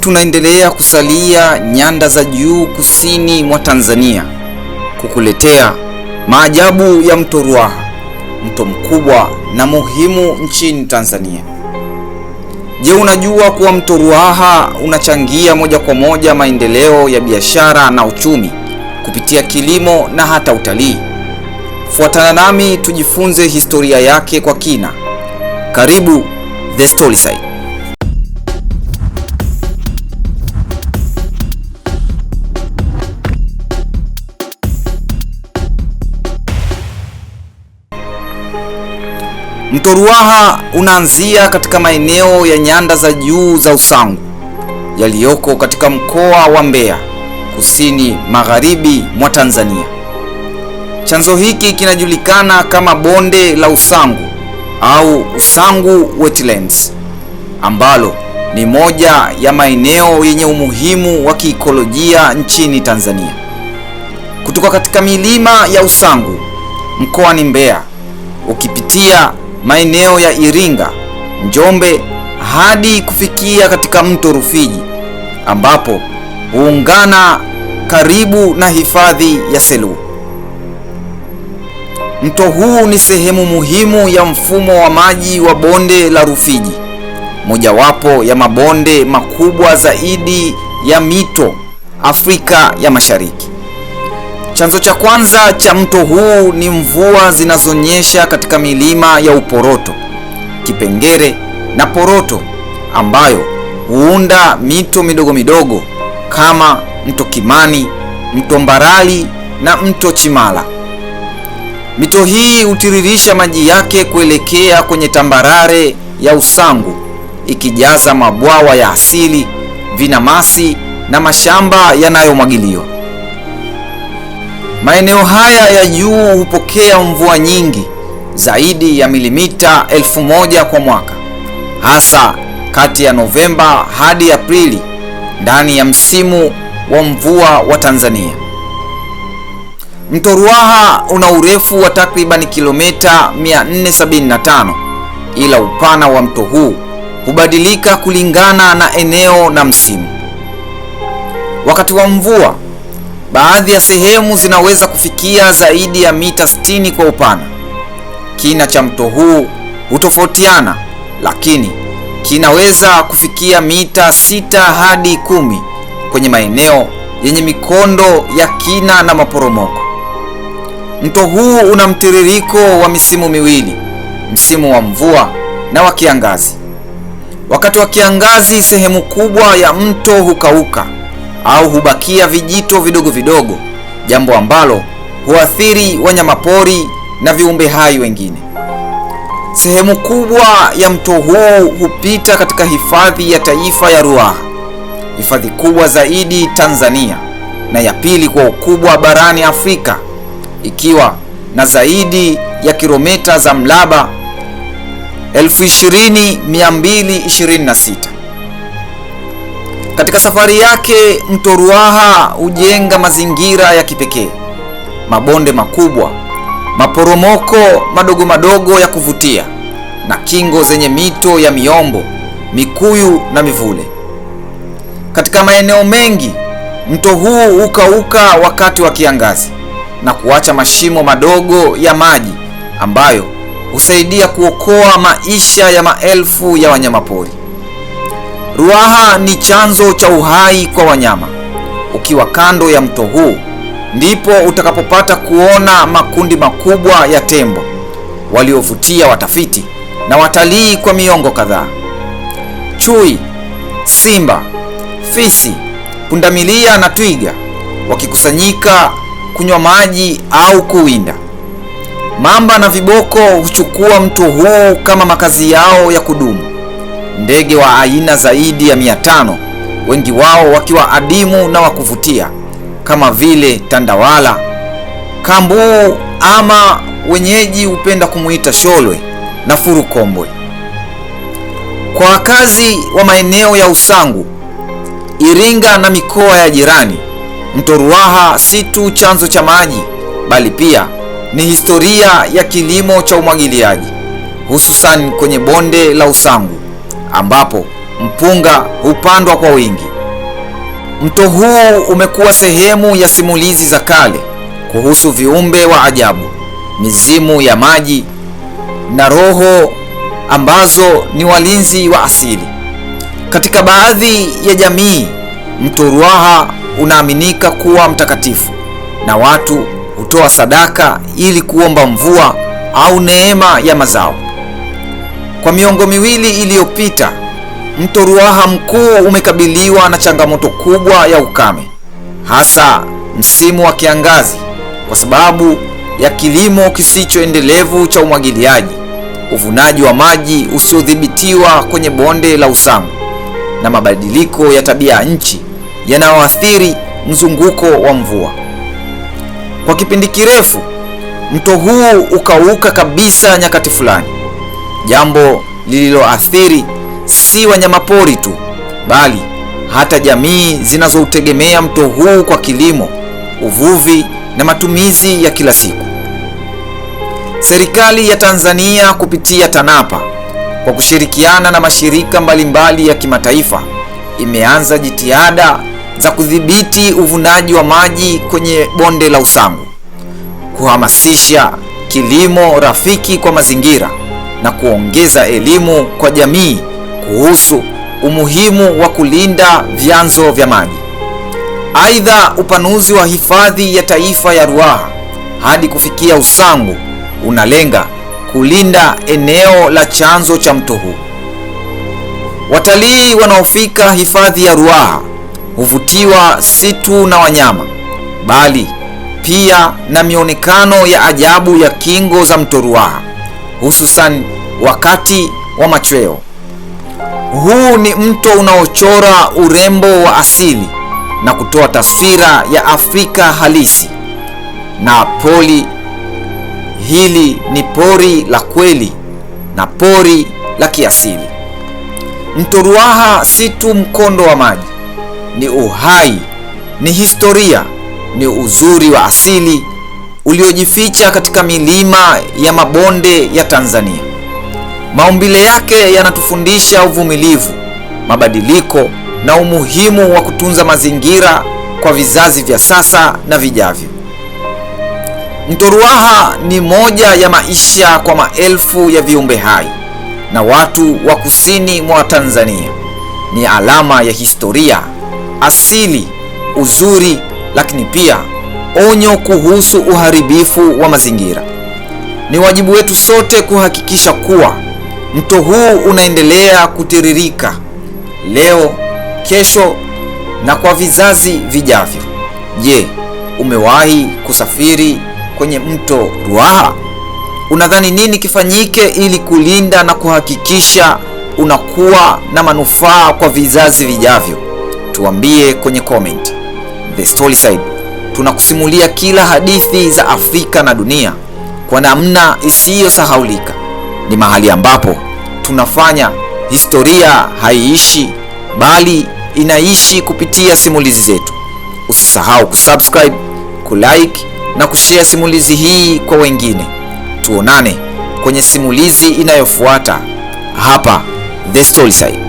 tunaendelea kusalia nyanda za juu kusini mwa Tanzania kukuletea maajabu ya mto Ruaha, mto mkubwa na muhimu nchini Tanzania. Je, unajua kuwa mto Ruaha unachangia moja kwa moja maendeleo ya biashara na uchumi kupitia kilimo na hata utalii? Fuatana nami tujifunze historia yake kwa kina. Karibu The Storyside. Mto Ruaha unaanzia katika maeneo ya nyanda za juu za Usangu yaliyoko katika mkoa wa Mbeya kusini magharibi mwa Tanzania. Chanzo hiki kinajulikana kama bonde la Usangu au Usangu Wetlands ambalo ni moja ya maeneo yenye umuhimu wa kiikolojia nchini Tanzania. Kutoka katika milima ya Usangu mkoani Mbeya ukipitia maeneo ya Iringa, Njombe hadi kufikia katika mto Rufiji ambapo huungana karibu na hifadhi ya Selous. Mto huu ni sehemu muhimu ya mfumo wa maji wa bonde la Rufiji, mojawapo ya mabonde makubwa zaidi ya mito Afrika ya Mashariki. Chanzo cha kwanza cha mto huu ni mvua zinazonyesha katika milima ya Uporoto, Kipengere na Poroto ambayo huunda mito midogo midogo kama mto Kimani, mto Mbarali na mto Chimala. Mito hii hutiririsha maji yake kuelekea kwenye tambarare ya Usangu ikijaza mabwawa ya asili, vinamasi na mashamba yanayomwagiliwa. Maeneo haya ya juu hupokea mvua nyingi zaidi ya milimita elfu moja kwa mwaka, hasa kati ya Novemba hadi Aprili ndani ya msimu wa mvua wa Tanzania. Mto Ruaha una urefu wa takribani kilomita 475, ila upana wa mto huu hubadilika kulingana na eneo na msimu. Wakati wa mvua Baadhi ya sehemu zinaweza kufikia zaidi ya mita 60 kwa upana. Kina cha mto huu hutofautiana, lakini kinaweza kufikia mita 6 hadi kumi kwenye maeneo yenye mikondo ya kina na maporomoko. Mto huu una mtiririko wa misimu miwili, msimu wa mvua na wa kiangazi. Wakati wa kiangazi, sehemu kubwa ya mto hukauka au hubakia vijito vidogo vidogo, jambo ambalo huathiri wanyamapori na viumbe hai wengine. Sehemu kubwa ya mto huu hupita katika hifadhi ya taifa ya Ruaha, hifadhi kubwa zaidi Tanzania na ya pili kwa ukubwa barani Afrika, ikiwa na zaidi ya kilomita za mraba 20226. Katika safari yake mto Ruaha hujenga mazingira ya kipekee, mabonde makubwa, maporomoko madogo madogo ya kuvutia na kingo zenye mito ya miombo, mikuyu na mivule. Katika maeneo mengi mto huu hukauka wakati wa kiangazi na kuacha mashimo madogo ya maji ambayo husaidia kuokoa maisha ya maelfu ya wanyamapori. Ruaha ni chanzo cha uhai kwa wanyama. Ukiwa kando ya mto huu ndipo utakapopata kuona makundi makubwa ya tembo waliovutia watafiti na watalii kwa miongo kadhaa. Chui, simba, fisi, pundamilia na twiga wakikusanyika kunywa maji au kuwinda. Mamba na viboko huchukua mto huu kama makazi yao ya kudumu ndege wa aina zaidi ya 500, wengi wao wakiwa adimu na wa kuvutia kama vile tandawala, kambuu ama wenyeji hupenda kumuita sholwe na furukombwe. Kwa wakazi wa maeneo ya Usangu, Iringa na mikoa ya jirani, mto Ruaha si tu chanzo cha maji, bali pia ni historia ya kilimo cha umwagiliaji, hususan kwenye bonde la Usangu ambapo mpunga hupandwa kwa wingi. Mto huu umekuwa sehemu ya simulizi za kale kuhusu viumbe wa ajabu, mizimu ya maji na roho ambazo ni walinzi wa asili. Katika baadhi ya jamii, mto Ruaha unaaminika kuwa mtakatifu na watu hutoa sadaka ili kuomba mvua au neema ya mazao. Kwa miongo miwili iliyopita, mto Ruaha mkuu umekabiliwa na changamoto kubwa ya ukame, hasa msimu wa kiangazi, kwa sababu ya kilimo kisichoendelevu cha umwagiliaji, uvunaji wa maji usiodhibitiwa kwenye bonde la Usangu na mabadiliko ya tabia ya nchi yanayoathiri mzunguko wa mvua. Kwa kipindi kirefu, mto huu ukauka kabisa nyakati fulani jambo lililoathiri si wanyamapori tu, bali hata jamii zinazoutegemea mto huu kwa kilimo, uvuvi na matumizi ya kila siku. Serikali ya Tanzania kupitia TANAPA kwa kushirikiana na mashirika mbalimbali ya kimataifa imeanza jitihada za kudhibiti uvunaji wa maji kwenye bonde la Usangu, kuhamasisha kilimo rafiki kwa mazingira na kuongeza elimu kwa jamii kuhusu umuhimu wa kulinda vyanzo vya maji. Aidha, upanuzi wa hifadhi ya taifa ya Ruaha hadi kufikia Usangu unalenga kulinda eneo la chanzo cha mto huu. Watalii wanaofika hifadhi ya Ruaha huvutiwa si tu na wanyama, bali pia na mionekano ya ajabu ya kingo za mto Ruaha hususan wakati wa machweo. Huu ni mto unaochora urembo wa asili na kutoa taswira ya Afrika halisi. Na poli hili ni pori la kweli na pori la kiasili. Mto Ruaha si tu mkondo wa maji, ni uhai, ni historia, ni uzuri wa asili uliojificha katika milima ya mabonde ya Tanzania. Maumbile yake yanatufundisha uvumilivu, mabadiliko na umuhimu wa kutunza mazingira kwa vizazi vya sasa na vijavyo. Mto Ruaha ni moja ya maisha kwa maelfu ya viumbe hai na watu wa kusini mwa Tanzania. Ni alama ya historia, asili, uzuri lakini pia onyo kuhusu uharibifu wa mazingira. Ni wajibu wetu sote kuhakikisha kuwa mto huu unaendelea kutiririka leo, kesho na kwa vizazi vijavyo. Je, umewahi kusafiri kwenye mto Ruaha? Unadhani nini kifanyike ili kulinda na kuhakikisha unakuwa na manufaa kwa vizazi vijavyo? Tuambie kwenye comment. The Storyside tunakusimulia kila hadithi za Afrika na dunia kwa namna isiyosahaulika. Ni mahali ambapo tunafanya historia haiishi, bali inaishi kupitia simulizi zetu. Usisahau kusubscribe, kulike na kushare simulizi hii kwa wengine. Tuonane kwenye simulizi inayofuata hapa The Storyside.